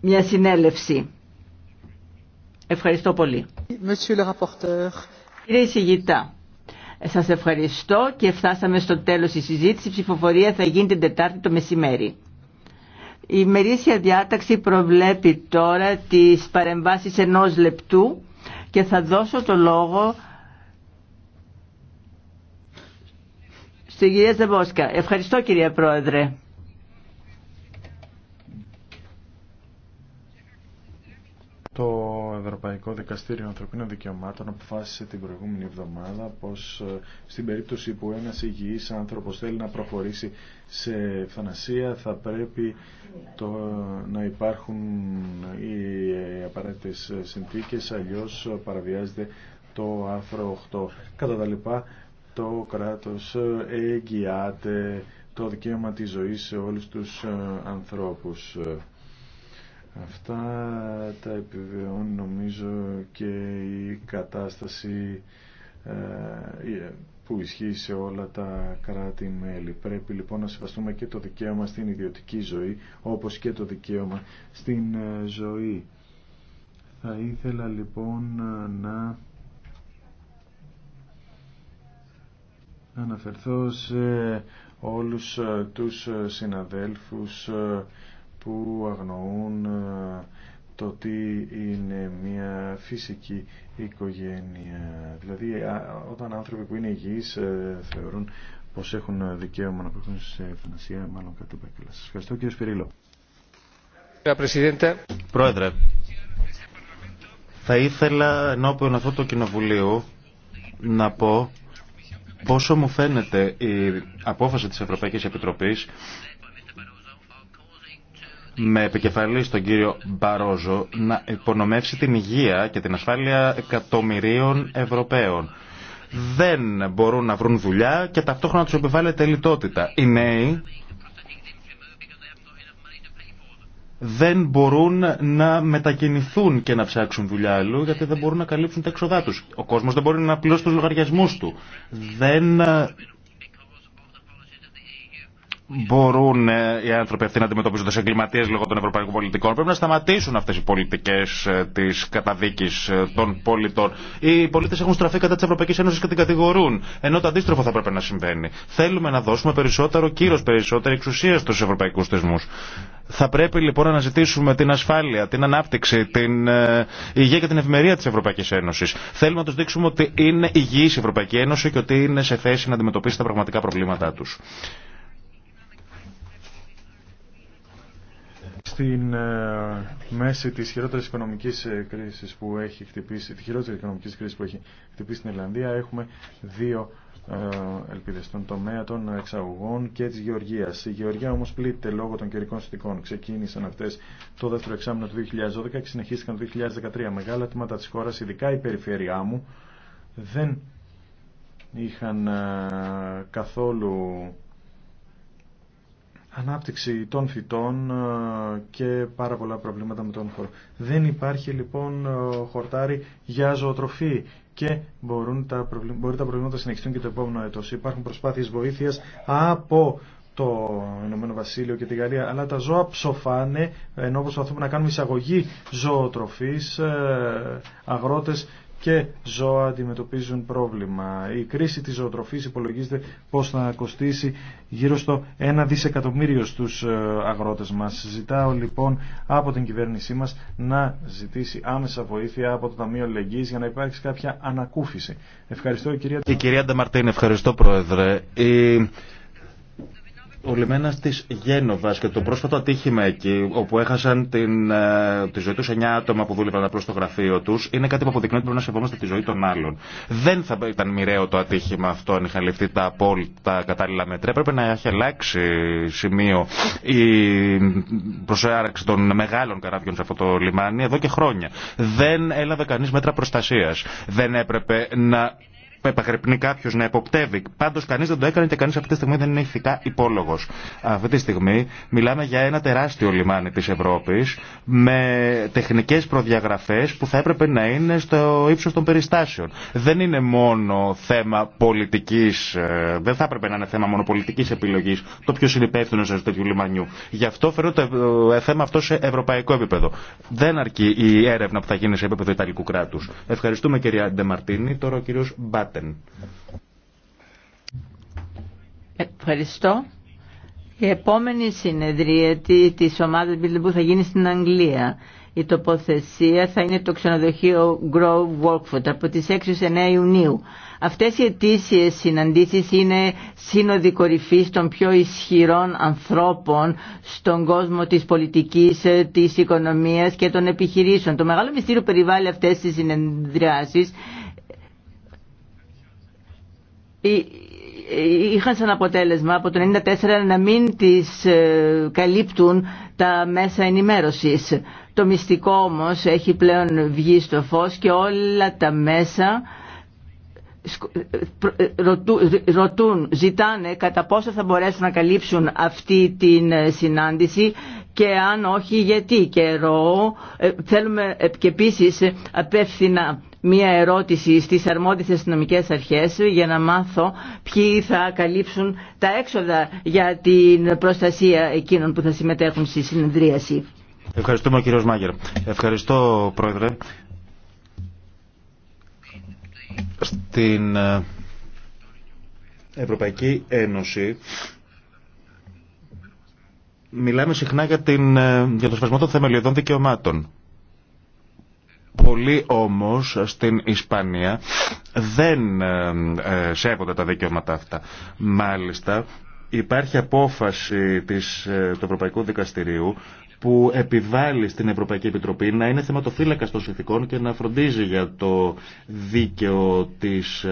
μια συνέλευση. Ευχαριστώ πολύ. Κύριε Σιγητά, σας ευχαριστώ και φτάσαμε στο τέλος της συζήτηση. Η ψηφοφορία θα γίνει την Τετάρτη το μεσημέρι. Η μερίσια διάταξη προβλέπει τώρα τις παρεμβάσεις ενός λεπτού και θα δώσω το λόγο στην κυρία Ζεμπόσκα. Ευχαριστώ κυρία Πρόεδρε. Ευρωπαϊκό Δικαστήριο Ανθρωπίνων Δικαιωμάτων αποφάσισε την προηγούμενη εβδομάδα πως ε, στην περίπτωση που ένας υγιής άνθρωπος θέλει να προχωρήσει σε φανασία θα πρέπει το, να υπάρχουν οι ε, απαραίτητες συνθήκες αλλιώς παραβιάζεται το άρθρο 8. Κατά τα λοιπά το κράτος εγγυάται το δικαίωμα της ζωής σε όλους τους ε, ανθρώπους. Αυτά τα επιβεβαιώνει νομίζω και η κατάσταση ε, ε, που ισχύει σε όλα τα κράτη-μέλη. Πρέπει λοιπόν να σεβαστούμε και το δικαίωμα στην ιδιωτική ζωή, όπως και το δικαίωμα στην ε, ζωή. Θα ήθελα λοιπόν να αναφερθώ σε όλους τους συναδέλφους που αγνοούν ε, το τι είναι μια φυσική οικογένεια. Δηλαδή όταν άνθρωποι που είναι υγιείς ε, θεωρούν πως έχουν δικαίωμα να προχωρήσουν σε ευθανασία, μάλλον κάτι επέκαλα. Σας ευχαριστώ κύριε Σπυρίλο. Πρόεδρε, θα ήθελα ενώπιον αυτού του κοινοβουλίου να πω πόσο μου φαίνεται η απόφαση της Ευρωπαϊκής Επιτροπής με επικεφαλή τον κύριο Μπαρόζο να υπονομεύσει την υγεία και την ασφάλεια εκατομμυρίων Ευρωπαίων. Δεν μπορούν να βρουν δουλειά και ταυτόχρονα τους επιβάλλεται λιτότητα. Οι νέοι δεν μπορούν να μετακινηθούν και να ψάξουν δουλειά αλλού γιατί δεν μπορούν να καλύψουν τα έξοδά τους. Ο κόσμος δεν μπορεί να πληρώσει τους λογαριασμούς του. Δεν μπορούν ε, οι άνθρωποι αυτοί να αντιμετωπίζονται σε εγκληματίε λόγω των ευρωπαϊκών πολιτικών. Πρέπει να σταματήσουν αυτέ οι πολιτικέ ε, τη καταδίκη ε, των πολιτών. Οι πολίτε έχουν στραφεί κατά τη Ευρωπαϊκή Ένωση και την κατηγορούν, ενώ το αντίστροφο θα πρέπει να συμβαίνει. Θέλουμε να δώσουμε περισσότερο κύρο, περισσότερη εξουσία στου Ευρωπαϊκού θεσμού. Θα πρέπει λοιπόν να αναζητήσουμε την ασφάλεια, την ανάπτυξη, την υγεία και την ευημερία τη Ευρωπαϊκή Ένωση. Θέλουμε να του δείξουμε ότι είναι υγιή η Ευρωπαϊκή Ένωση και ότι είναι σε θέση να αντιμετωπίσει τα πραγματικά προβλήματά του. στην ε, μέση της χειρότερης οικονομικής ε, κρίσης που έχει χτυπήσει, τη χειρότερη οικονομική κρίση που έχει χτυπήσει στην Ιρλανδία, έχουμε δύο ε, ελπίδες στον τομέα των εξαγωγών και της γεωργίας. Η γεωργία όμως πλήττεται λόγω των καιρικών συνθηκών. Ξεκίνησαν αυτές το δεύτερο εξάμεινο του 2012 και συνεχίστηκαν το 2013. Μεγάλα τμήματα της χώρας, ειδικά η περιφέρειά μου, δεν είχαν καθόλου ανάπτυξη των φυτών ε, και πάρα πολλά προβλήματα με τον χώρο. Δεν υπάρχει λοιπόν ε, χορτάρι για ζωοτροφή και μπορούν τα μπορεί τα προβλήματα να συνεχιστούν και το επόμενο έτος. Υπάρχουν προσπάθειες βοήθειας από το Ηνωμένο Βασίλειο και τη Γαλλία, αλλά τα ζώα ψοφάνε ενώ προσπαθούμε να κάνουμε εισαγωγή ζωοτροφής, ε, αγρότες και ζώα αντιμετωπίζουν πρόβλημα. Η κρίση της ζωοτροφής υπολογίζεται πως θα κοστίσει γύρω στο 1 δισεκατομμύριο στους ε, αγρότες μας. Ζητάω λοιπόν από την κυβέρνησή μας να ζητήσει άμεσα βοήθεια από το Ταμείο Λεγγύης για να υπάρξει κάποια ανακούφιση. Ευχαριστώ η κυρία... Η κυρία Νταμαρτίν, ευχαριστώ πρόεδρε ο λιμένας της Γένοβας και το πρόσφατο ατύχημα εκεί όπου έχασαν την, ε, τη ζωή τους 9 άτομα που δούλευαν απλώς στο γραφείο τους είναι κάτι που αποδεικνύει ότι πρέπει να σεβόμαστε τη ζωή των άλλων. Δεν θα ήταν μοιραίο το ατύχημα αυτό αν είχαν ληφθεί τα απόλυτα κατάλληλα μέτρα. Έπρεπε να έχει αλλάξει σημείο η προσέραξη των μεγάλων καράβιων σε αυτό το λιμάνι εδώ και χρόνια. Δεν έλαβε κανείς μέτρα προστασίας. Δεν έπρεπε να επαγρυπνεί κάποιο να εποπτεύει. Πάντω κανεί δεν το έκανε και κανεί αυτή τη στιγμή δεν είναι ηθικά υπόλογο. Αυτή τη στιγμή μιλάμε για ένα τεράστιο λιμάνι τη Ευρώπη με τεχνικέ προδιαγραφέ που θα έπρεπε να είναι στο ύψο των περιστάσεων. Δεν είναι μόνο θέμα πολιτική, ε, δεν θα έπρεπε να είναι θέμα μόνο πολιτική επιλογή το ποιο είναι υπεύθυνο σε τέτοιου λιμανιού. Γι' αυτό φέρω το ε, θέμα αυτό σε ευρωπαϊκό επίπεδο. Δεν αρκεί η έρευνα που θα γίνει σε επίπεδο Ιταλικού κράτου. Ευχαριστούμε κυρία Ντεμαρτίνη. Τώρα ο κύριο Μπάτ Ευχαριστώ. Η επόμενη συνεδρία της ομάδας που θα γίνει στην Αγγλία. Η τοποθεσία θα είναι το ξενοδοχείο Grove Walkford από τις 6 9 Ιουνίου. Αυτές οι αιτήσιε συναντήσεις είναι σύνοδοι κορυφή των πιο ισχυρών ανθρώπων στον κόσμο της πολιτικής, της οικονομίας και των επιχειρήσεων. Το μεγάλο μυστήριο περιβάλλει αυτές τις συνεδριάσεις ε, ε, είχαν σαν αποτέλεσμα από το 1994 να μην τις ε, καλύπτουν τα μέσα ενημέρωσης. Το μυστικό όμως έχει πλέον βγει στο φως και όλα τα μέσα ρωτούν, ζητάνε κατά πόσο θα μπορέσουν να καλύψουν αυτή την συνάντηση και αν όχι γιατί καιρό. Ε, θέλουμε και επίση απεύθυνα μία ερώτηση στις αρμόδιες αστυνομικέ αρχές για να μάθω ποιοι θα καλύψουν τα έξοδα για την προστασία εκείνων που θα συμμετέχουν στη συνεδρίαση. Ευχαριστούμε κύριος Μάγκερ. Ευχαριστώ πρόεδρε. Στην ε, Ευρωπαϊκή Ένωση Μιλάμε συχνά για, την, ε, για το σφασμό των θεμελιωδών δικαιωμάτων. Πολλοί όμως στην Ισπανία δεν ε, ε, σέβονται τα δικαιώματα αυτά. Μάλιστα υπάρχει απόφαση της, του Ευρωπαϊκού Δικαστηρίου που επιβάλλει στην Ευρωπαϊκή Επιτροπή να είναι θεματοφύλακα των συνθηκών και να φροντίζει για το δίκαιο της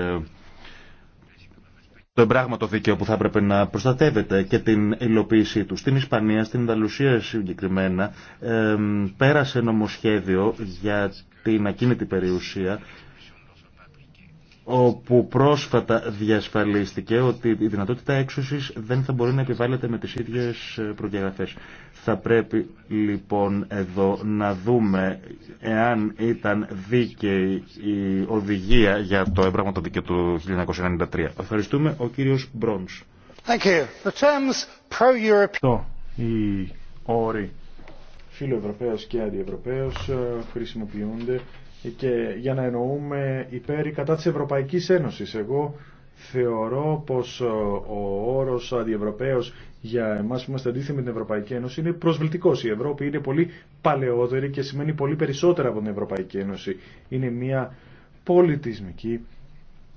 το εμπράγματο δίκαιο που θα έπρεπε να προστατεύεται και την υλοποίησή του. Στην Ισπανία, στην Ινταλουσία συγκεκριμένα, πέρασε νομοσχέδιο για την ακίνητη περιουσία όπου πρόσφατα διασφαλίστηκε ότι η δυνατότητα έξωσης δεν θα μπορεί να επιβάλλεται με τις ίδιες ε, προδιαγραφές. Θα πρέπει λοιπόν εδώ να δούμε εάν ήταν δίκαιη η οδηγία για το εμπράγματο δίκαιο του 1993. Ευχαριστούμε ο κύριος Μπρόνς. οι όροι φιλοευρωπαίος και αντιευρωπαίος ε, χρησιμοποιούνται ε, και για να εννοούμε υπέρ ή κατά της Ευρωπαϊκής Ένωσης. Εγώ θεωρώ πως ε, ο όρος αντιευρωπαίος για εμάς που είμαστε αντίθετοι με την Ευρωπαϊκή Ένωση είναι προσβλητικός. Η Ευρώπη είναι πολύ παλαιότερη και σημαίνει πολύ περισσότερα από την Ευρωπαϊκή Ένωση. Είναι μια πολιτισμική,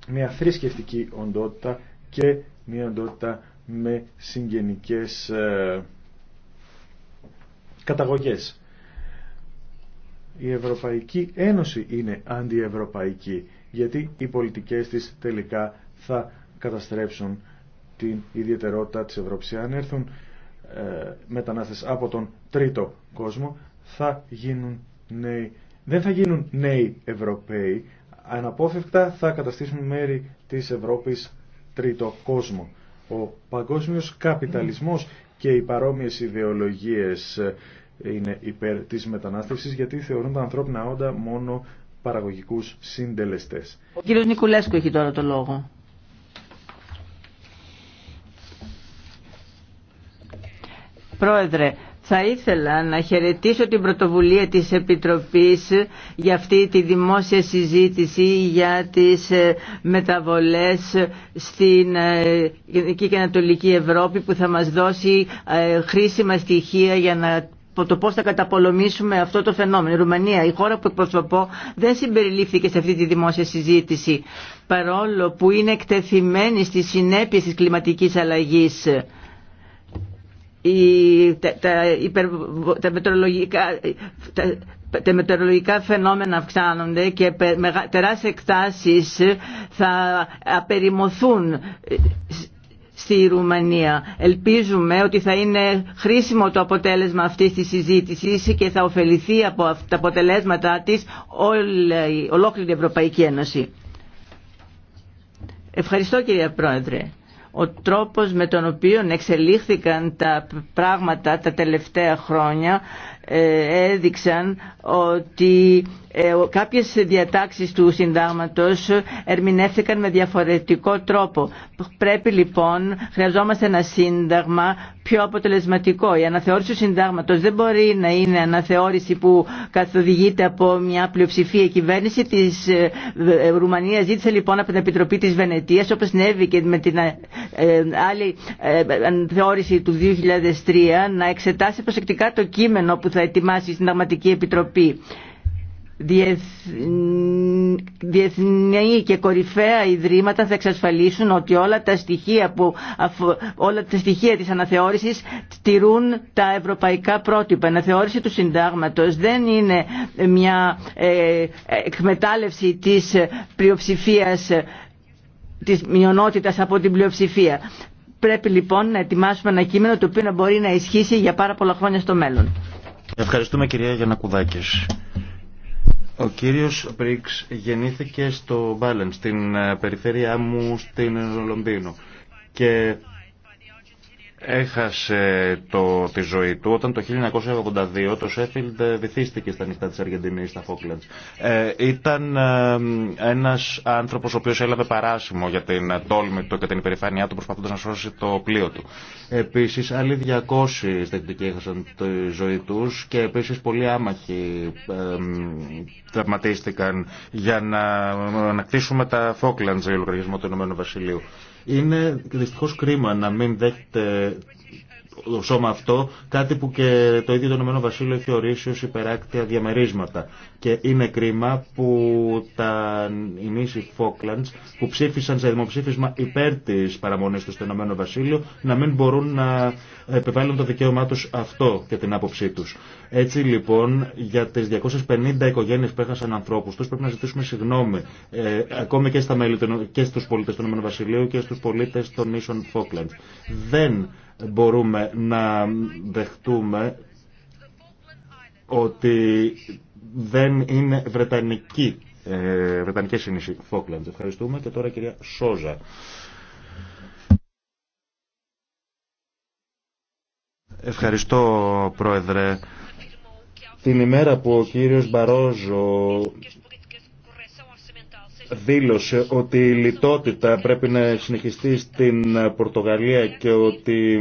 μια θρησκευτική οντότητα και μια οντότητα με συγγενικές ε, καταγωγές η Ευρωπαϊκή Ένωση είναι αντιευρωπαϊκή γιατί οι πολιτικές της τελικά θα καταστρέψουν την ιδιαιτερότητα της Ευρώπης. Αν έρθουν ε, μετανάστες από τον τρίτο κόσμο θα γίνουν Δεν θα γίνουν νέοι Ευρωπαίοι, αναπόφευκτα θα καταστήσουν μέρη της Ευρώπης τρίτο κόσμο. Ο παγκόσμιος καπιταλισμός και οι παρόμοιες ιδεολογίες είναι υπέρ της μετανάστευσης γιατί θεωρούν τα ανθρώπινα όντα μόνο παραγωγικούς συντελεστές. Ο κύριος Νικουλέσκου έχει τώρα το λόγο. Πρόεδρε, θα ήθελα να χαιρετήσω την πρωτοβουλία της Επιτροπής για αυτή τη δημόσια συζήτηση για τις ε, μεταβολές στην ε, Γενική και Ανατολική Ευρώπη που θα μας δώσει ε, χρήσιμα στοιχεία για να το πώ θα καταπολεμήσουμε αυτό το φαινόμενο. Η Ρουμανία, η χώρα που εκπροσωπώ, δεν συμπεριλήφθηκε σε αυτή τη δημόσια συζήτηση, παρόλο που είναι εκτεθειμένη στις συνέπειες της κλιματικής αλλαγής. τα, τα, μετρολογικά, τα, μετεωρολογικά φαινόμενα αυξάνονται και τεράστιε εκτάσεις θα απεριμωθούν στη Ρουμανία. Ελπίζουμε ότι θα είναι χρήσιμο το αποτέλεσμα αυτής της συζήτηση και θα ωφεληθεί από τα αποτελέσματά της όλη, ολόκληρη η Ευρωπαϊκή Ένωση. Ευχαριστώ κύριε Πρόεδρε. Ο τρόπος με τον οποίο εξελίχθηκαν τα πράγματα τα τελευταία χρόνια ε, έδειξαν ότι ε, κάποιες διατάξεις του συντάγματος ερμηνεύθηκαν με διαφορετικό τρόπο. Πρέπει λοιπόν, χρειαζόμαστε ένα σύνταγμα πιο αποτελεσματικό. Η αναθεώρηση του συντάγματος δεν μπορεί να είναι αναθεώρηση που καθοδηγείται από μια πλειοψηφία. Η κυβέρνηση της ε, Ρουμανίας ζήτησε λοιπόν από την Επιτροπή της Βενετίας, όπως συνέβη και με την άλλη αναθεώρηση του 2003, να εξετάσει προσεκτικά το κείμενο που θα θα ετοιμάσει η Συνταγματική Επιτροπή. Διεθνή και κορυφαία ιδρύματα θα εξασφαλίσουν ότι όλα τα στοιχεία, που, όλα τα στοιχεία της αναθεώρησης τηρούν τα ευρωπαϊκά πρότυπα. Η αναθεώρηση του συντάγματος δεν είναι μια ε, εκμετάλλευση της πλειοψηφίας της μειονότητας από την πλειοψηφία. Πρέπει λοιπόν να ετοιμάσουμε ένα κείμενο το οποίο να μπορεί να ισχύσει για πάρα πολλά χρόνια στο μέλλον. Ευχαριστούμε κυρία Γιανακουδάκη. Ο κύριος Πρίξ γεννήθηκε στο Μπάλεν, στην ε, περιφέρειά μου, στην Λονδίνο. Και έχασε το, τη ζωή του όταν το 1982 το Σέφιλντ ε, βυθίστηκε στα νυχτά της Αργεντινής στα Φόκλαντς. Ε, ήταν ε, ένας άνθρωπος ο οποίος έλαβε παράσημο για την ε, τόλμη του και την υπερηφάνειά του προσπαθώντας να σώσει το πλοίο του. Επίσης άλλοι 200 στεκτικοί έχασαν τη ζωή τους και επίσης πολλοί άμαχοι ε, τραυματίστηκαν για να ανακτήσουμε τα Φόκλαντς για λογαριασμό του Ηνωμένου Βασιλείου. Είναι δυστυχώ κρίμα να μην δέχεται το σώμα αυτό, κάτι που και το ίδιο το Ηνωμένο Βασίλειο έχει ορίσει ως υπεράκτια διαμερίσματα. Και είναι κρίμα που τα νήσι Φόκλαντς που ψήφισαν σε δημοψήφισμα υπέρ της παραμονής του στο Ηνωμένο Βασίλειο να μην μπορούν να επιβάλλουν το δικαίωμά τους αυτό και την άποψή τους. Έτσι λοιπόν για τις 250 οικογένειες που έχασαν ανθρώπους τους πρέπει να ζητήσουμε συγγνώμη ε, ακόμη και, στα μέλη, και στους πολίτες του Ηνωμένου Βασιλείου και στους πολίτες των νήσων Φόκλαντ. Δεν μπορούμε να δεχτούμε ότι δεν είναι βρετανική, ε, βρετανική Φόκλαντ. Ευχαριστούμε και τώρα κυρία Σόζα. Ευχαριστώ πρόεδρε. Την ημέρα που ο κύριος Μπαρόζο δήλωσε ότι η λιτότητα πρέπει να συνεχιστεί στην Πορτογαλία και ότι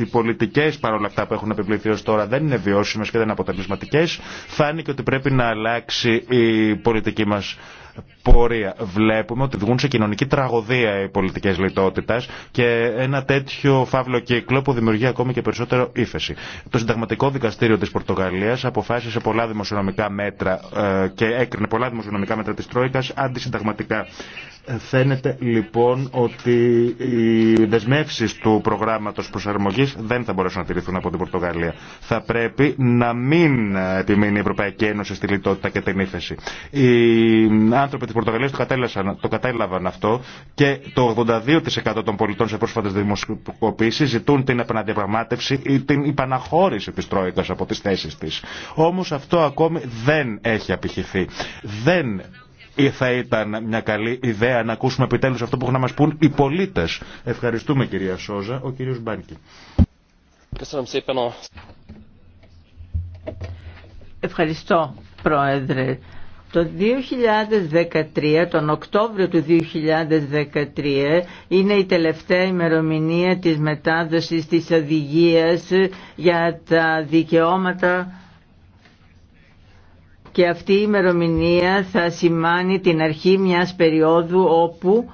οι πολιτικές παρόλα αυτά που έχουν επιβληθεί ως τώρα δεν είναι βιώσιμες και δεν είναι αποτελεσματικές, φάνηκε ότι πρέπει να αλλάξει η πολιτική μας πορεία. Βλέπουμε ότι βγουν σε κοινωνική τραγωδία οι πολιτικέ λιτότητα και ένα τέτοιο φαύλο κύκλο που δημιουργεί ακόμη και περισσότερο ύφεση. Το Συνταγματικό Δικαστήριο τη Πορτογαλία αποφάσισε πολλά δημοσιονομικά μέτρα ε, και έκρινε πολλά δημοσιονομικά μέτρα τη Τρόικα αντισυνταγματικά. Φαίνεται λοιπόν ότι οι δεσμεύσει του προγράμματο προσαρμογή δεν θα μπορέσουν να τηρηθούν από την Πορτογαλία. Θα πρέπει να μην επιμείνει η Ευρωπαϊκή Ένωση στη λιτότητα και την ύφεση. Η άνθρωποι τη Πορτογαλία το κατέλαβαν αυτό και το 82% των πολιτών σε πρόσφατε δημοσιοποιήσει ζητούν την επαναδιαπραγμάτευση ή την υπαναχώρηση τη Τρόικα από τι θέσει τη. Όμω αυτό ακόμη δεν έχει απηχηθεί. Δεν ή θα ήταν μια καλή ιδέα να ακούσουμε επιτέλου αυτό που έχουν να μας πούν οι πολίτες. Ευχαριστούμε κυρία Σόζα. Ο κύριο Μπάνκι. Ευχαριστώ πρόεδρε. Το 2013, τον Οκτώβριο του 2013, είναι η τελευταία ημερομηνία της μετάδοσης της οδηγίας για τα δικαιώματα και αυτή η ημερομηνία θα σημάνει την αρχή μιας περίοδου όπου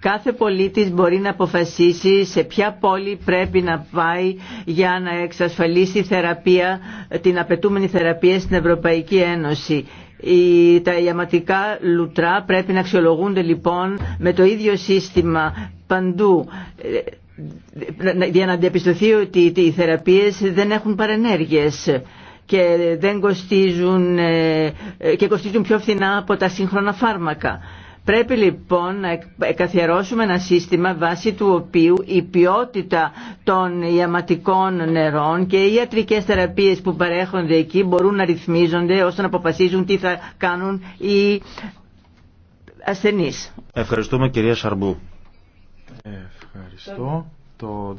κάθε πολίτης μπορεί να αποφασίσει σε ποια πόλη πρέπει να πάει για να εξασφαλίσει θεραπεία, την απαιτούμενη θεραπεία στην Ευρωπαϊκή Ένωση τα ιαματικά λουτρά πρέπει να αξιολογούνται λοιπόν με το ίδιο σύστημα παντού ε, για να αντιπιστωθεί ότι οι θεραπείες δεν έχουν παρενέργειες και δεν κοστίζουν ε, ε, και κοστίζουν πιο φθηνά από τα σύγχρονα φάρμακα. Πρέπει λοιπόν να καθιερώσουμε ένα σύστημα βάσει του οποίου η ποιότητα των ιαματικών νερών και οι ιατρικές θεραπείες που παρέχονται εκεί μπορούν να ρυθμίζονται ώστε να αποφασίζουν τι θα κάνουν οι ασθενείς. Ευχαριστούμε κυρία Σαρμπού. Ευχαριστώ. Το 2010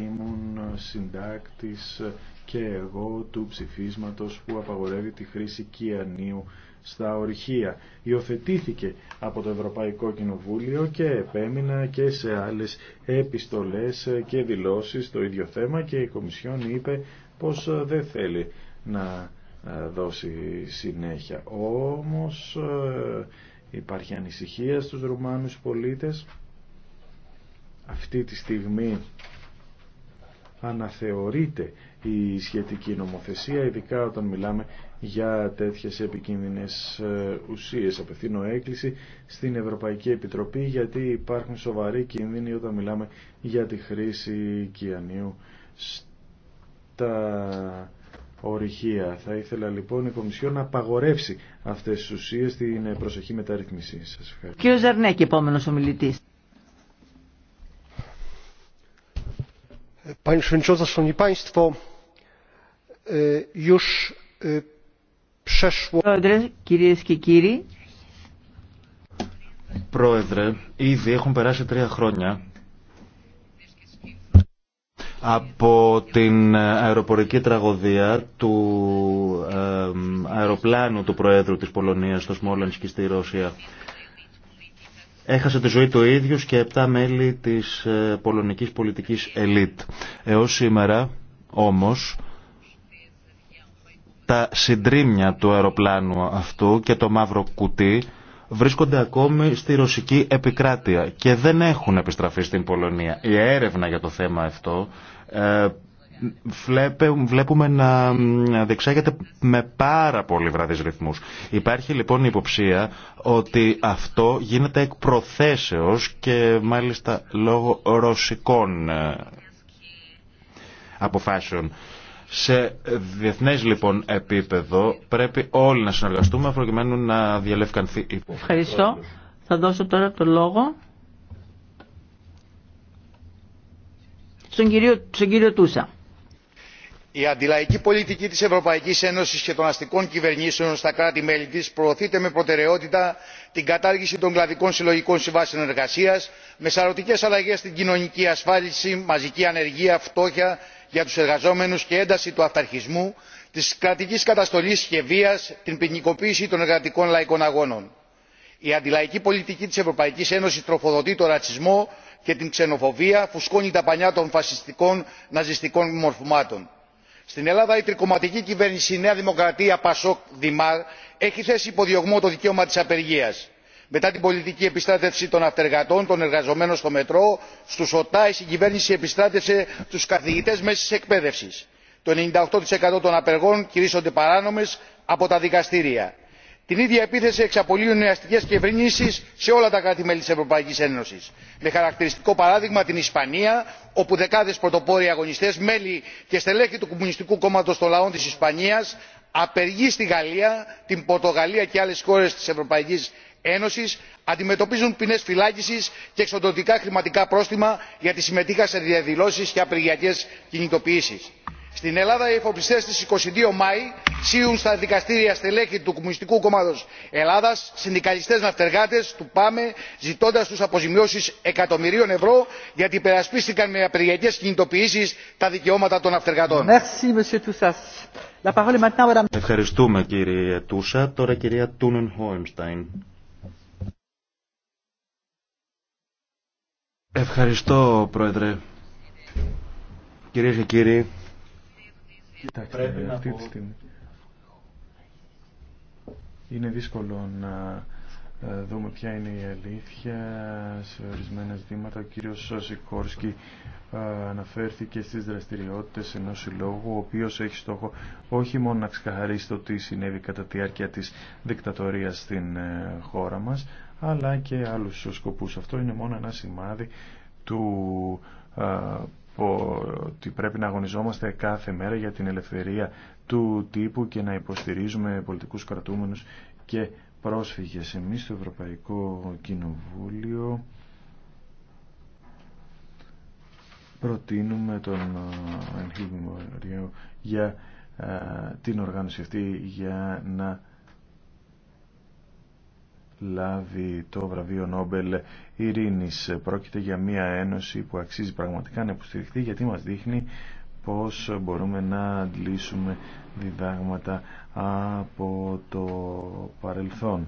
ήμουν συντάκτης και εγώ του ψηφίσματος που απαγορεύει τη χρήση κυανίου στα ορυχεία. Υιοθετήθηκε από το Ευρωπαϊκό Κοινοβούλιο και επέμεινα και σε άλλες επιστολές και δηλώσεις το ίδιο θέμα και η Κομισιόν είπε πως δεν θέλει να ε, δώσει συνέχεια. Όμως ε, υπάρχει ανησυχία στους Ρουμάνους πολίτες. Αυτή τη στιγμή αναθεωρείται η σχετική νομοθεσία, ειδικά όταν μιλάμε για τέτοιες επικίνδυνες ε, ουσίες. Απευθύνω έκκληση στην Ευρωπαϊκή Επιτροπή γιατί υπάρχουν σοβαροί κίνδυνοι όταν μιλάμε για τη χρήση κιανίου στα ορυχεία. Θα ήθελα λοιπόν η Κομισιό να απαγορεύσει αυτές τις ουσίες στην προσοχή μεταρρύθμιση. Σας ευχαριστώ. Κύριο Ζαρνέκη, επόμενος ομιλητής. Panie Przewodniczący, Szanowni Państwo, e, już e, Πρόεδρε, κυρίε και κύριοι. Πρόεδρε, ήδη έχουν περάσει τρία χρόνια από την αεροπορική τραγωδία του αεροπλάνου του Προέδρου της Πολωνίας στο Σμόλενσκι και στη Ρώσια. Έχασε τη ζωή του ίδιου και επτά μέλη της ε, πολωνικής πολιτικής ελίτ. Έως σήμερα όμως τα συντρίμια του αεροπλάνου αυτού και το μαύρο κουτί βρίσκονται ακόμη στη ρωσική επικράτεια και δεν έχουν επιστραφεί στην Πολωνία. Η έρευνα για το θέμα αυτό ε, βλέπουμε να διεξάγεται με πάρα πολύ βραδείς ρυθμούς. Υπάρχει λοιπόν η υποψία ότι αυτό γίνεται εκ προθέσεως και μάλιστα λόγω ρωσικών ε, αποφάσεων. Σε διεθνέ λοιπόν επίπεδο πρέπει όλοι να συνεργαστούμε προκειμένου να διαλευκανθεί η Ευχαριστώ. Θα δώσω τώρα το λόγο στον κύριο, στον κύριο Τούσα. Η αντιλαϊκή πολιτική της Ευρωπαϊκής Ένωσης και των αστικών κυβερνήσεων στα κράτη-μέλη της προωθείται με προτεραιότητα την κατάργηση των κλαδικών συλλογικών συμβάσεων εργασίας με σαρωτικές αλλαγές στην κοινωνική ασφάλιση, μαζική ανεργία, φτώχεια για τους εργαζόμενους και ένταση του αυταρχισμού της κρατικής καταστολής και βίας την ποινικοποίηση των εργατικών λαϊκών αγώνων. η αντιλαϊκή πολιτική της ευρωπαϊκής ένωσης τροφοδοτεί τον ρατσισμό και την ξενοφοβία φουσκώνει τα πανιά των φασιστικών ναζιστικών μορφωμάτων. στην ελλάδα η τρικομματική κυβέρνηση νέα δημοκρατία πασόκ δημάρ έχει θέσει υποδιωγμό το δικαίωμα της απεργίας μετά την πολιτική επιστράτευση των αυτεργατών των εργαζομένων στο μετρό στου ο타ε η κυβέρνηση επιστράτευσε τους καθηγητές μέσης εκπαίδευση. το 98 των απεργών κηρύσσονται παράνομε από τα δικαστήρια. την ίδια επίθεση εξαπολύουν οι αστικέ κυβερνήσει σε όλα τα κράτη μέλη τη Ευρωπαϊκή Ένωση, με χαρακτηριστικό παράδειγμα την ισπανία όπου δεκάδε πρωτοπόροι αγωνιστέ μέλη και στελέχη του κομμουνιστικού κόμματο των λαών τη Ισπανία απεργεί στη γαλλία την πορτογαλία και άλλες χώρες της ευρωπαϊκής ένωση αντιμετωπίζουν ποινέ φυλάκιση και εξοντωτικά χρηματικά πρόστιμα γιατί συμμετείχαν σε διαδηλώσει και απεργιακέ κινητοποιήσει. στην ελλάδα οι εφοπλιστέ στι 22 μάη σύρουν στα δικαστήρια στελέχη του κομμουνιστικού κόμματο ελλάδα συνδικαλιστέ ναυτεργάτε του παμε ζητώντα του αποζημιώσει εκατομμυρίων ευρώ γιατί υπερασπίστηκαν με απεργιακέ κινητοποιήσει τα δικαιώματα των ναυτεργατών. Ευχαριστούμε κύριε Τούσα. Τώρα κυρία Τούνεν Ευχαριστώ, Πρόεδρε. Κυρίε και κύριοι, πρέπει τη Είναι δύσκολο να ε, δούμε ποια είναι η αλήθεια σε ορισμένα ζητήματα. Ο κύριος Σικόρσκι ε, αναφέρθηκε στις δραστηριότητες ενός συλλόγου, ο οποίος έχει στόχο όχι μόνο να ξεχαρίσει το τι συνέβη κατά τη διάρκεια της δικτατορίας στην ε, χώρα μας, αλλά και άλλους σκοπούς. Αυτό είναι μόνο ένα σημάδι του ότι πρέπει να αγωνιζόμαστε κάθε μέρα για την ελευθερία του τύπου και να υποστηρίζουμε πολιτικούς κρατούμενους και πρόσφυγες. Εμείς στο Ευρωπαϊκό Κοινοβούλιο προτείνουμε τον Αγγλή για την οργάνωση αυτή για να λάβει το βραβείο Νόμπελ Ειρήνης. Πρόκειται για μια ένωση που αξίζει πραγματικά να υποστηριχθεί γιατί μας δείχνει πώς μπορούμε να αντλήσουμε διδάγματα από το παρελθόν.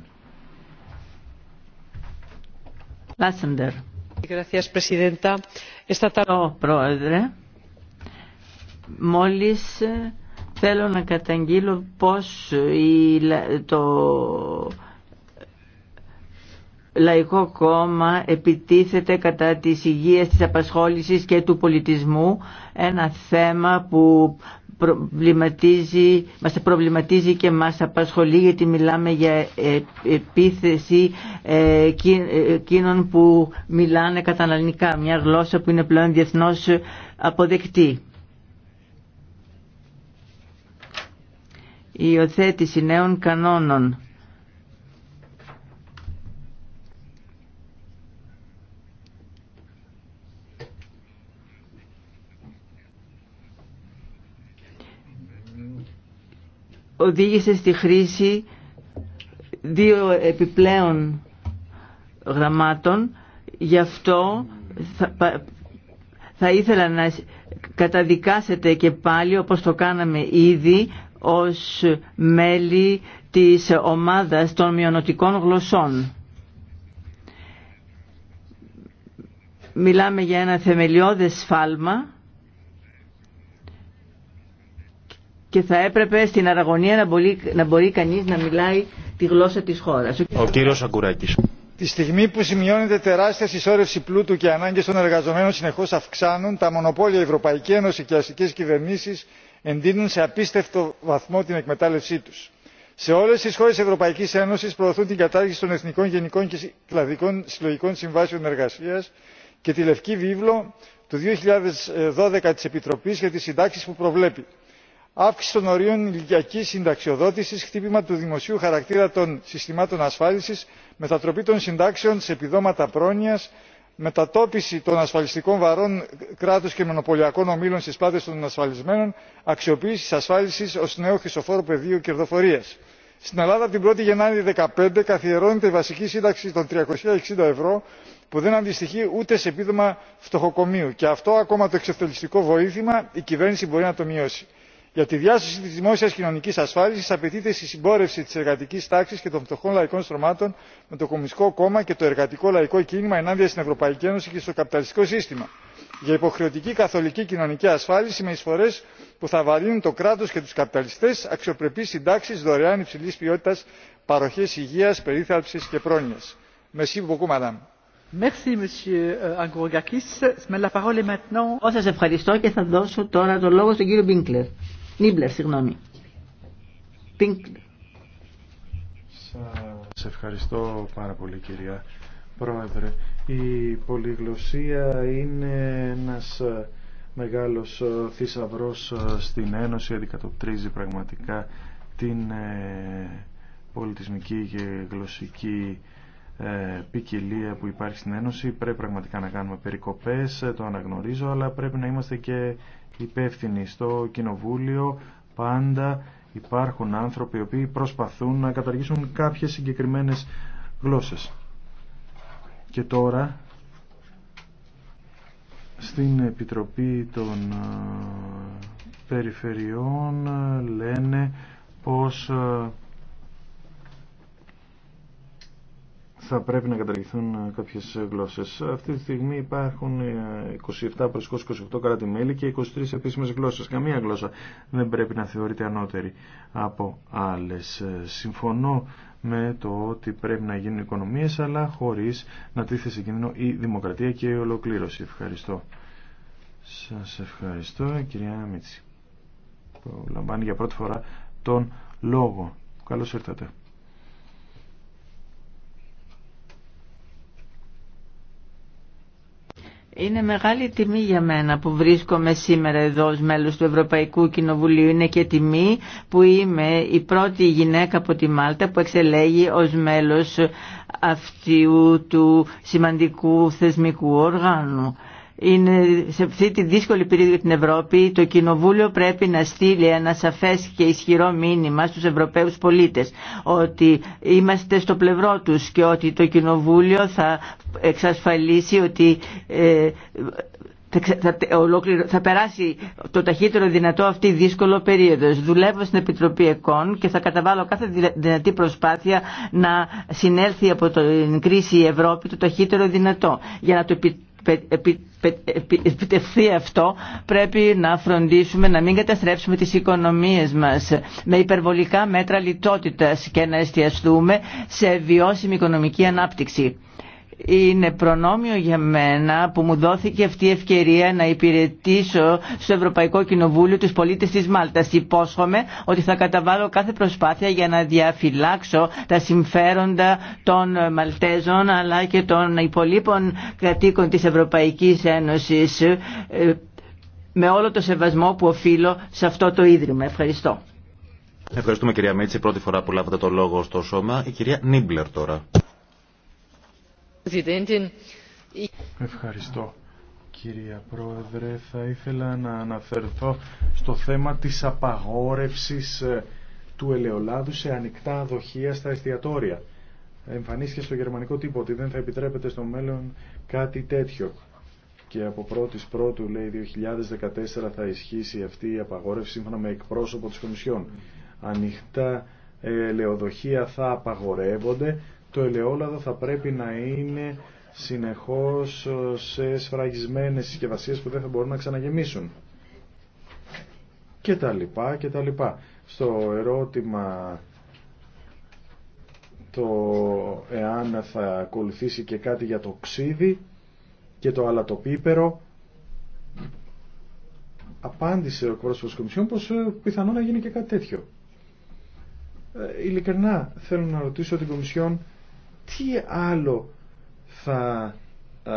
Λάσεντερ. Πρόεδρε, μόλις θέλω να καταγγείλω πώς το Λαϊκό Κόμμα επιτίθεται κατά της υγείας, της απασχόλησης και του πολιτισμού ένα θέμα που προβληματίζει, μας προβληματίζει και μας απασχολεί γιατί μιλάμε για ε, επίθεση ε, ε, εκείνων που μιλάνε καταναλυνικά, μια γλώσσα που είναι πλέον διεθνώς αποδεκτή. Η υιοθέτηση νέων κανόνων οδήγησε στη χρήση δύο επιπλέον γραμμάτων. Γι' αυτό θα, ήθελα να καταδικάσετε και πάλι όπως το κάναμε ήδη ως μέλη της ομάδας των μειονοτικών γλωσσών. Μιλάμε για ένα θεμελιώδες σφάλμα και θα έπρεπε στην Αραγωνία να μπορεί, να μπορεί κανείς να μιλάει τη γλώσσα της χώρας. Ο κύριος Αγκουράκης. Τη στιγμή που σημειώνεται τεράστια συσσόρευση πλούτου και ανάγκες των εργαζομένων συνεχώς αυξάνουν, τα μονοπόλια Ευρωπαϊκή Ένωση και αστικές κυβερνήσεις εντείνουν σε απίστευτο βαθμό την εκμετάλλευσή τους. Σε όλες τις χώρες Ευρωπαϊκής Ένωσης προωθούν την κατάργηση των εθνικών γενικών και κλαδικών συλλογικών συμβάσεων εργασίας και τη λευκή βίβλο του 2012 της Επιτροπής για τις συντάξεις που προβλέπει αύξηση των ορίων ηλικιακής συνταξιοδότησης χτύπημα του δημοσίου χαρακτήρα των συστημάτων ασφάλισης μετατροπή των συντάξεων σε επιδόματα πρόνοιας μετατόπιση των ασφαλιστικών βαρών κράτους και μονοπωλιακών ομίλων στις πλάτες των ασφαλισμένων αξιοποίηση της ασφάλισης ως νέο χρυσοφόρο πεδίο κερδοφορίας. Στην Ελλάδα από την 1η Γενάρη 2015 καθιερώνεται η βασική σύνταξη των 360 ευρώ που δεν αντιστοιχεί ούτε σε επίδομα φτωχοκομείου και αυτό ακόμα το εξευτελιστικό βοήθημα η κυβέρνηση μπορεί να το μειώσει για τη διάσωση τη δημόσια κοινωνική ασφάλιση απαιτείται η συμπόρευση τη εργατική τάξη και των φτωχών λαϊκών στρωμάτων με το κομμουνιστικό κόμμα και το εργατικό λαϊκό κίνημα ενάντια στην ευρωπαϊκή ένωση και στο καπιταλιστικό σύστημα για υποχρεωτική καθολική κοινωνική ασφάλιση με εισφορέ που θα βαρύνουν το κράτο και του καπιταλιστέ αξιοπρεπεί συντάξει δωρεάν υψηλή ποιότητα παροχέ υγεία περίθαλψη και πρόνοια. Merci Νίμπλερ, Σας ευχαριστώ πάρα πολύ κυρία Πρόεδρε. Η πολυγλωσία είναι ένας ε, μεγάλος ε, θησαυρό ε, στην Ένωση, αντικατοπτρίζει πραγματικά την πολιτισμική και γλωσσική ε, ποικιλία που υπάρχει στην Ένωση. Πρέπει πραγματικά να κάνουμε περικοπές, ε, το αναγνωρίζω, αλλά πρέπει να είμαστε και υπεύθυνοι στο Κοινοβούλιο. Πάντα υπάρχουν άνθρωποι οι οποίοι προσπαθούν να καταργήσουν κάποιες συγκεκριμένες γλώσσες. Και τώρα στην Επιτροπή των ε, Περιφερειών λένε πως θα πρέπει να καταργηθούν κάποιες γλώσσες. Αυτή τη στιγμή υπάρχουν 27 ε, προς 28 κράτη-μέλη και 23 επίσημες γλώσσες. Καμία γλώσσα δεν πρέπει να θεωρείται ανώτερη από άλλες. Ε, συμφωνώ με το ότι πρέπει να γίνουν οικονομίες, αλλά χωρίς να τίθεσε σε κίνδυνο η δημοκρατία και η ολοκλήρωση. Ευχαριστώ. Σας ευχαριστώ, κυρία Μίτση, που λαμβάνει για πρώτη φορά τον λόγο. Καλώς ήρθατε. Είναι μεγάλη τιμή για μένα που βρίσκομαι σήμερα εδώ ως μέλος του Ευρωπαϊκού Κοινοβουλίου. Είναι και τιμή που είμαι η πρώτη γυναίκα από τη Μάλτα που εξελέγει ως μέλος αυτού του σημαντικού θεσμικού οργάνου είναι σε αυτή τη δύσκολη περίοδο για την Ευρώπη το Κοινοβούλιο πρέπει να στείλει ένα σαφές και ισχυρό μήνυμα στους Ευρωπαίους πολίτες ότι είμαστε στο πλευρό τους και ότι το Κοινοβούλιο θα εξασφαλίσει ότι ε, θα περάσει το ταχύτερο δυνατό αυτή η δύσκολο περίοδο. Δουλεύω στην Επιτροπή ΕΚΟΝ και θα καταβάλω κάθε δυνατή προσπάθεια να συνέλθει από την κρίση η Ευρώπη το ταχύτερο δυνατό. Για να το επιτευχθεί αυτό πρέπει να φροντίσουμε να μην καταστρέψουμε τις οικονομίες μας με υπερβολικά μέτρα λιτότητας και να εστιαστούμε σε βιώσιμη οικονομική ανάπτυξη είναι προνόμιο για μένα που μου δόθηκε αυτή η ευκαιρία να υπηρετήσω στο Ευρωπαϊκό Κοινοβούλιο τους πολίτες της Μάλτας. Υπόσχομαι ότι θα καταβάλω κάθε προσπάθεια για να διαφυλάξω τα συμφέροντα των Μαλτέζων αλλά και των υπολείπων κατοίκων της Ευρωπαϊκής Ένωσης ε, με όλο το σεβασμό που οφείλω σε αυτό το Ίδρυμα. Ευχαριστώ. Ευχαριστούμε κυρία Μίτση. Πρώτη φορά που λάβατε το λόγο στο σώμα. Η κυρία Νίμπλερ τώρα. Ευχαριστώ κυρία Πρόεδρε. Θα ήθελα να αναφερθώ στο θέμα της απαγόρευσης ε, του ελαιολάδου σε ανοιχτά δοχεία στα εστιατόρια. Εμφανίστηκε στο γερμανικό τύπο ότι δεν θα επιτρέπεται στο μέλλον κάτι τέτοιο. Και απο πρώτης Πρώτου, λέει, 2014 θα ισχύσει αυτή η απαγόρευση σύμφωνα με εκπρόσωπο της Κομισιόν. Ανοιχτά ε, ελαιοδοχεία θα απαγορεύονται το ελαιόλαδο θα πρέπει να είναι συνεχώς ε, σε σφραγισμένες συσκευασίες που δεν θα μπορούν να ξαναγεμίσουν. Και τα λοιπά και τα λοιπά. Στο ερώτημα το εάν θα ακολουθήσει και κάτι για το ξύδι και το αλατοπίπερο απάντησε ο εκπρόσωπος Κομισιόν πως ε, πιθανόν να γίνει και κάτι τέτοιο. Ε, ειλικρινά θέλω να ρωτήσω την Κομισιόν τι άλλο θα α,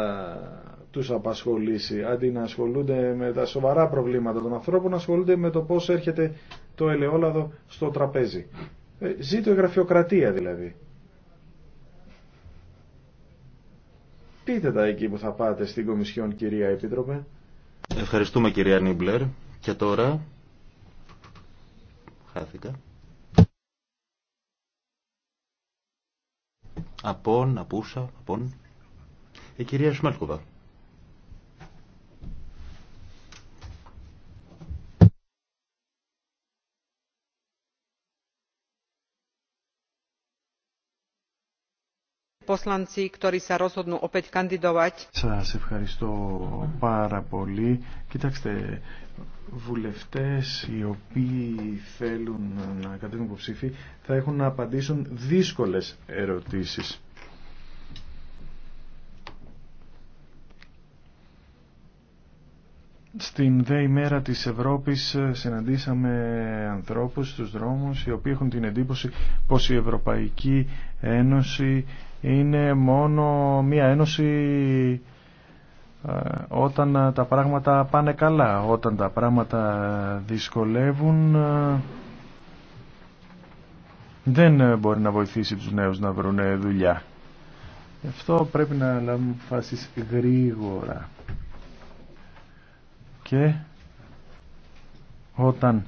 τους απασχολήσει αντί να ασχολούνται με τα σοβαρά προβλήματα των ανθρώπων να ασχολούνται με το πώς έρχεται το ελαιόλαδο στο τραπέζι. Ε, ζήτω η γραφειοκρατία δηλαδή. Πείτε τα εκεί που θα πάτε στην Κομισιόν κυρία Επίτροπε. Ευχαριστούμε κυρία Νίμπλερ. Και τώρα... Χάθηκα. Απόν, απούσα, απόν. Η κυρία Σμάλκοβα. poslanci, ktorí sa rozhodnú opäť kandidovať. ευχαριστώ πάρα πολύ. Κοιτάξτε, βουλευτές οι οποίοι θέλουν να κατέβουν υποψήφοι θα έχουν να απαντήσουν δύσκολες ερωτήσεις. Στην δε ημέρα της Ευρώπης ε, συναντήσαμε ανθρώπους στους δρόμους οι οποίοι έχουν την εντύπωση πως η Ευρωπαϊκή Ένωση είναι μόνο μία ένωση ε, όταν τα πράγματα πάνε καλά, όταν τα πράγματα δυσκολεύουν ε, δεν μπορεί να βοηθήσει τους νέους να βρουν δουλειά. Αυτό πρέπει να λάβουμε γρήγορα και όταν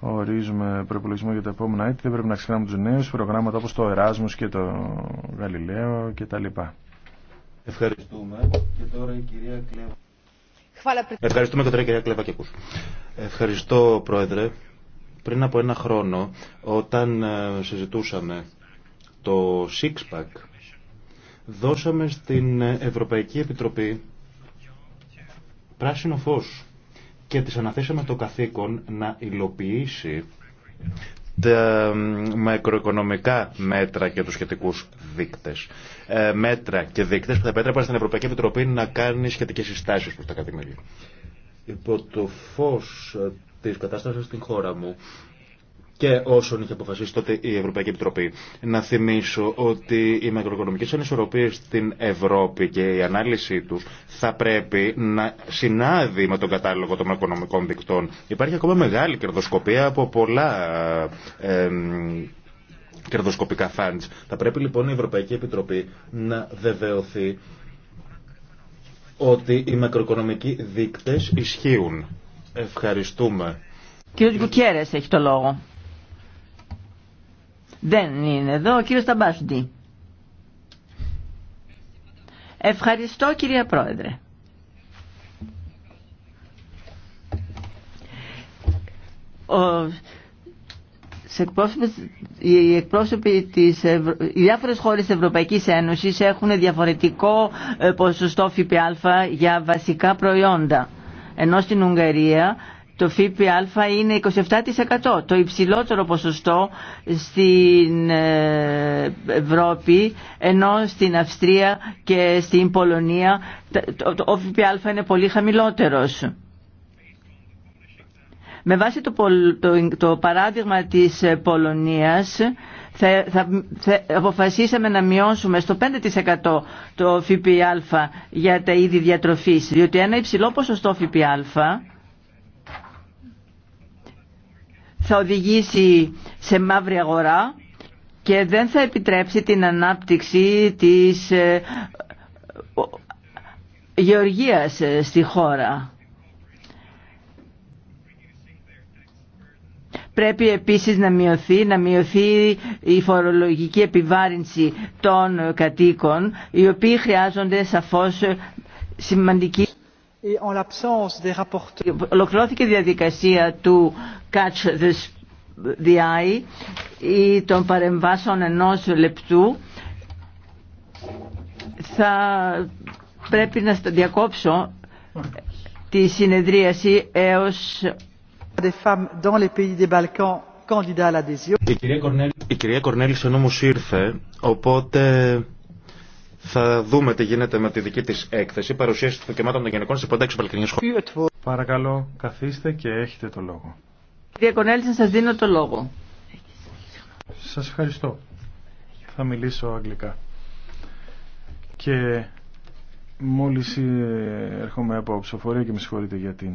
ορίζουμε προπολογισμό για τα επόμενα έτη δεν πρέπει να ξεχνάμε τους νέους προγράμματα όπως το Εράσμος και το Γαλιλαίο κτλ. Ευχαριστούμε. Και τώρα η κυρία Κλέβα. Ευχαριστούμε και τώρα κυρία Κλέβα και ακούς. Ευχαριστώ Πρόεδρε. Πριν από ένα χρόνο όταν ε, συζητούσαμε το Sixpack δώσαμε στην Ευρωπαϊκή Επιτροπή πράσινο φως και της αναθέσαμε το καθήκον να υλοποιήσει τα μακροοικονομικά μέτρα και τους σχετικούς δείκτες. Ε, μέτρα και δείκτες που θα επέτρεπαν στην Ευρωπαϊκή Επιτροπή να κάνει σχετικές συστάσεις προς τα κατημέρια. Υπό το φως της κατάστασης στην χώρα μου και όσων είχε αποφασίσει τότε η Ευρωπαϊκή Επιτροπή. Να θυμίσω ότι οι μακροοικονομικέ ανισορροπίε στην Ευρώπη και η ανάλυση του θα πρέπει να συνάδει με τον κατάλογο των μακροοικονομικών δικτών. Υπάρχει ακόμα μεγάλη κερδοσκοπία από πολλά κερδοσκοπικά funds. Θα πρέπει λοιπόν η Ευρωπαϊκή Επιτροπή να βεβαιωθεί ότι οι μακροοικονομικοί δείκτες ισχύουν. Ευχαριστούμε. Κύριε Γκουτιέρες έχει το λόγο δεν είναι εδώ. Ο κύριος Ταμπάσντι. Ευχαριστώ κυρία Πρόεδρε. Ο, οι εκπρόσωποι της οι διάφορες χώρες της Ευρωπαϊκής Ένωσης έχουν διαφορετικό ε, ποσοστό ΦΠΑ για βασικά προϊόντα. Ενώ στην Ουγγαρία το ΦΠΑ είναι 27%. Το υψηλότερο ποσοστό στην ε, Ευρώπη, ενώ στην Αυστρία και στην Πολωνία το ΦΠΑ είναι πολύ χαμηλότερος. Με βάση το, το, το παράδειγμα της Πολωνίας θα αποφασίσαμε να μειώσουμε στο 5% το ΦΠΑ για τα είδη διατροφής, διότι ένα υψηλό ποσοστό ΦΠΑ θα οδηγήσει σε μαύρη αγορά και δεν θα επιτρέψει την ανάπτυξη της ε, γεωργίας ε, στη χώρα. Πρέπει επίσης να μειωθεί, να μειωθεί η φορολογική επιβάρυνση των κατοίκων, οι οποίοι χρειάζονται σαφώς σημαντική Ολοκληρώθηκε η διαδικασία του Catch the Eye ή των παρεμβάσεων ενός λεπτού. Θα πρέπει να διακόψω τη συνεδρίαση έως... Η των παρεμβασεων ενό λεπτου θα πρεπει Κορνέλη, η κυρία Κορνέλη όμως ηρθε οπότε... Θα δούμε τι γίνεται με τη δική της έκθεση, παρουσίαση του δικαιωμάτων των γενικών σε 56 Παρακαλώ, καθίστε και έχετε το λόγο. Κυρία Κονέλη, σας δίνω το λόγο. Σας ευχαριστώ. Θα μιλήσω αγγλικά. Και μόλις ε, έρχομαι από ψηφοφορία και με συγχωρείτε για την